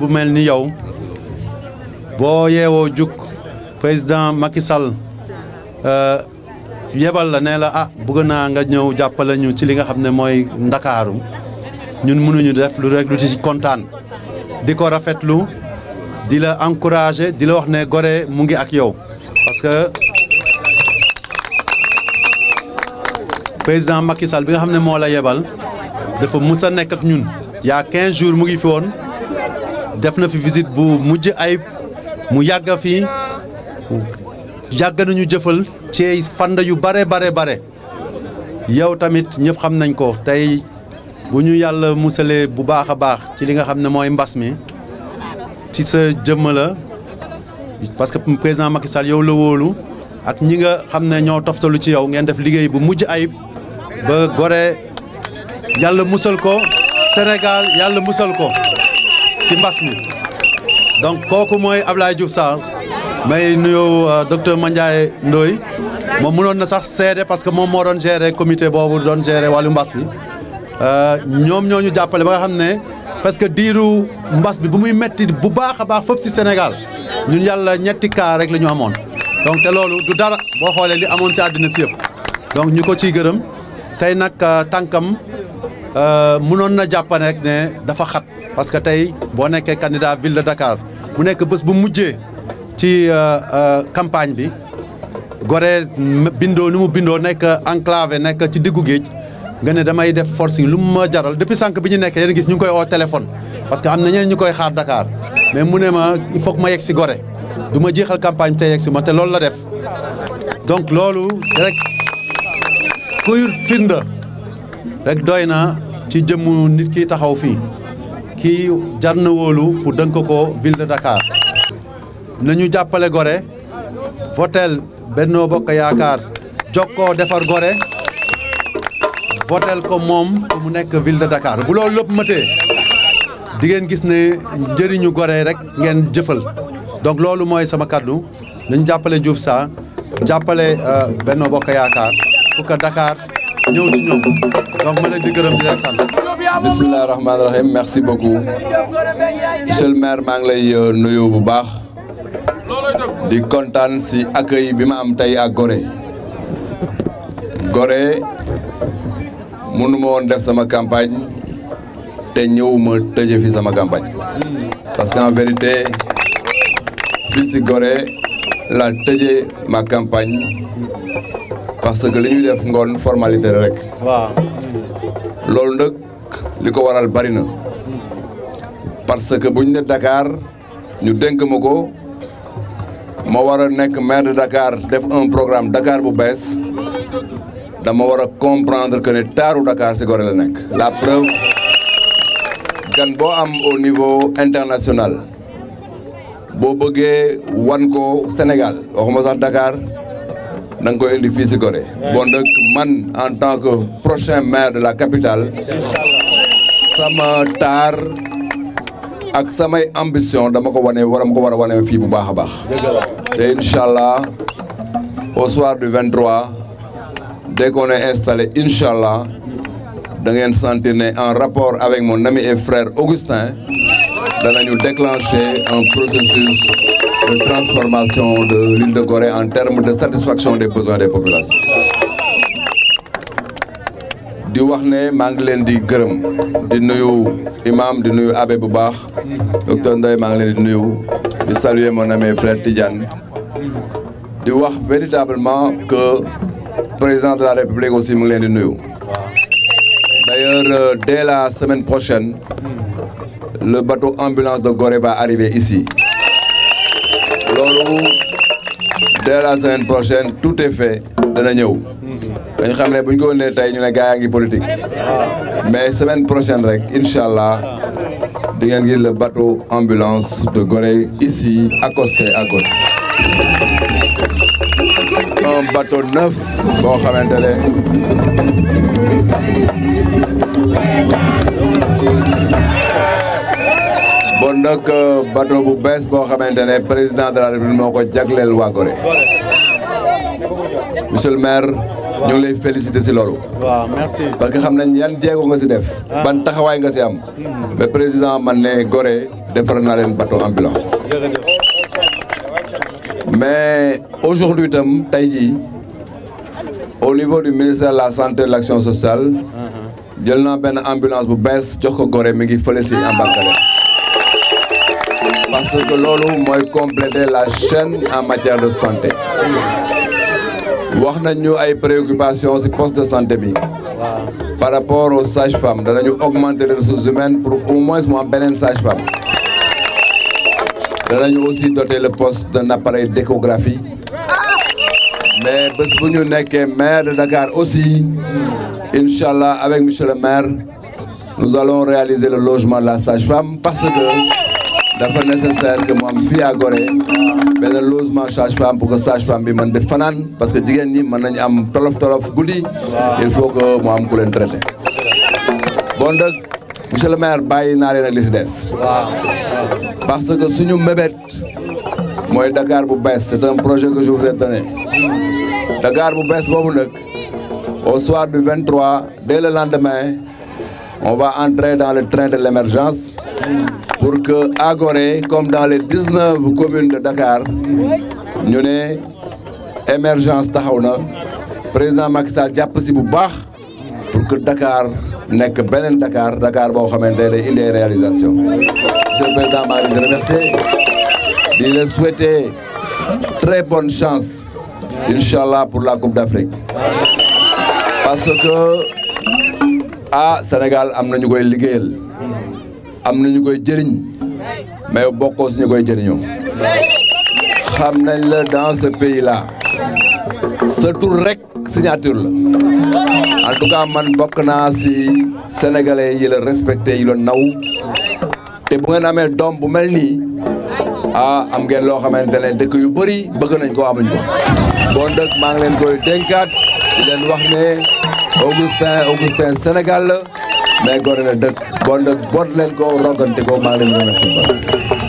bu mel ni yow boo yeewoo jug président Macky Sall euh, yebal la ne la ah bëgg naa nga ñëw jàppale ñu ci li nga xam ne mooy ndakaaru ñun mënuñu def lu rek lu ci kontaan di ko rafetlu di la encourager di la wax ne gore mu ngi ak yow parce que président Macky bi nga xam ne moo la yebal dafa mus a nekk ak ñun. yaa 15 jours mu ngi fi woon. def na fi visite bu mujj ayib mu yàgg fi yàgg nañu jëfal ci fànn yu bare bare bare yow tamit ñëpp xam nañ ko tey bu ñu yàlla musalee bu baax a baax ci li nga xam ne mooy mbas mi ci sa jëmm la parce que président Macky yow la wóolu ak ñi nga xam ne ñoo toftalu ci yow ngeen def liggéey bu mujj ayib ba Gorée yàlla musal ko Sénégal yàlla musal ko ci mbas mi donc kooku mooy Ablaye Diouf Sarr may nuyu euh, docteur Mandiaye Ndoye moom mënoon na sax seede parce que moom moo doon gérer comité boobu doon gérer wàllu mbas mi euh, ñoom ñoo ñu jàppale ba nga xam ne parce que diiru mbas bi bu muy metti bu baax a baax fépp ci Sénégal ñun yàlla ñetti cas rek la ñu amoon donc te loolu du dara boo xoolee li amoon ci àddina si yëpp donc ñu ko ciy gërëm tey nag euh, tànkam Euh, mënoon na jàppane rek ne dafa xat parce que tey boo nekkee candidat ville de Dakar mu nekk bés bu mujjee ci euh, euh, campagne bi Gorée bindoo ni mu bindoo nekk enclavé nekk ci diggu géej nga ne damay def force lu mu ma jaral depuis sànq bi ñu nekk yéen gis ñu ngi koy oo téléphone parce que am na ñeneen ñu koy xaar dakaar mais mu ne ma il ma yegg si Gorée du ma jeexal campagne te yegg si ma te loolu la def donc loolu rek kuy rek doy na ci jëmmu nit ki taxaw fii kii jar na wóolu pour dënk ko ville de Dakar nañu jàppale gore votel Benno Bokk Yaakaar jokkoo defar gore votel ko moom mu nekk ville de Dakar bu loolu lépp mëtee di ngeen gis ne njëriñu Gorée rek ngeen jëfal donc loolu mooy sama kaddu nañu jàppale Diouf Sarr jàppale euh, Benno Bokk Yaakaar pour que Dakar ñëw ci ñoom rahim merci beaucoup monsieur maire maa ngi lay euh, nuyu bu baax di kontaan si accueil bi ma am tey ak Gorée Gorée mënu ma woon sama campagne te ñëwuma tëje sama campagne parce que en vérité fii si Gorée la tëje ma campagne. parce que li ñuy def ngoon formalité rek. waaw. loolu nag li ko waral bari na parce que bu ñu ne Dakar ñu dénk ma ko ma war a nekk maire de Dakar def un programme Dakar bu bees dama war a comprendre que ne taaru Dakar si Gorée la nekk. la gan boo am au niveau international boo bëggee wan ko Sénégal waxuma sax Dakar. da nga koy indi fii si Gorée bon donc man en tant que prochain maire de la capital sama taar ak samay ambition dama ko wane waram ko war a wane fii bu baax a baax te incha allah au soir du 23 dès qu'on est installé incha allah da ngeen sentir ne en rapport avec moom ami et frère Augustin danañu déclencher un processus une transformation de l'île de Gorée en termes de satisfaction des besoins des populations di wax ne maa ngi leen di gërëm di nuyu imam di nuyu abbé bu baax docteur Ndoye maa ngi leen di nuyu di saluer mon ami frère Tidiane di wax véritablement que président de la République aussi mu ngi leen di nuyu d'ailleurs euh, dès la semaine prochaine le bateau ambulance de Gorée va arriver ici boobu la semaine prochaine tout est fait dana ñëw dañu xam ne bu ñu ko tey ñu ne gaa yaa ngi mais semaine prochaine rek incha allah di ngeen gis le bateau ambulance de Gorée ici accosté à côté un bateau boo xamante ne nag euh, bateau bu bees boo xamante ne président de la république moo ko jagleel waa Gorée monsieur le maire ñu ngi lay félicité si loolu. waaw merci. parce que xam nañ yan jéego nga si def. Ah. ban taxawaay nga si am. Hmm. mais président man ne Gorée defar naa leen bateau ambulance. mais aujourd'hui itam tey jii au niveau du ministère de la santé de l'action sociale. Uh-huh. jël naa benn ambulance bu bees jox ko Gorée mi ngi fële si embarcadère. parce que loolu mooy compléter la chaîne en matière de santé wax nañu ay préoccupations ci poste de santé bi par rapport aux sages-femmes danañu augmenter les ressources humaines pour au moins benen am beneen sage-femme danañu aussi doter le poste de appareil d'échographie mais bés bu ñu nekkee maire de Dakar aussi Inch'Allah avec monsieur le maire nous allons réaliser le logement de la sage-femme parce que dafa nécessaire que mu am fii à Gorée benn logement pour que sage-femme bi mën def fanaan parce que jigéen ñi mën nañu am tolof tolof guddi il faut que mu am ku leen traité bon nag monsieur le maire bàyyi naa leen ak li si des parce que suñu mébét mooy Dakar bu bees c'est un projet que je vous donné Dakar bu bees boobu nag au soir du 23 dès le lendemain on va entrer dans le train de l'émergence pour que à Gorée comme dans les dix-neuf communes de Dakar ñu ne émergence taxaw na président Macky Sall jàpp si bu baax pour que Dakar nekk beneen Dakar Dakar boo xamante ne day indi réalisation monsieur le président maa ngi leen di remercier di très bonne chance incha allah pour la Coupe d'Afrique parce que ah Sénégal am na ñu koy liggéeyal. am nañu koy jëriñ mais bokkoo si ñu koy jëriñoo xam nañ la dans ce pays là sa tur rek signature la en tout man bokk naa si sénégalais yi la respecté yi la naw te bu ngeen amee doom bu mel nii a ah, am ngeen loo xam ne dëkk yu bari bëgg nañ ko amuñ ko bon dëkk maa ngi leen koy dénkaat di leen wax ne Augustin Augustin Sénégal day gore na dëkk bon nag boot leen ko rogante ko maa ngi leen di remercier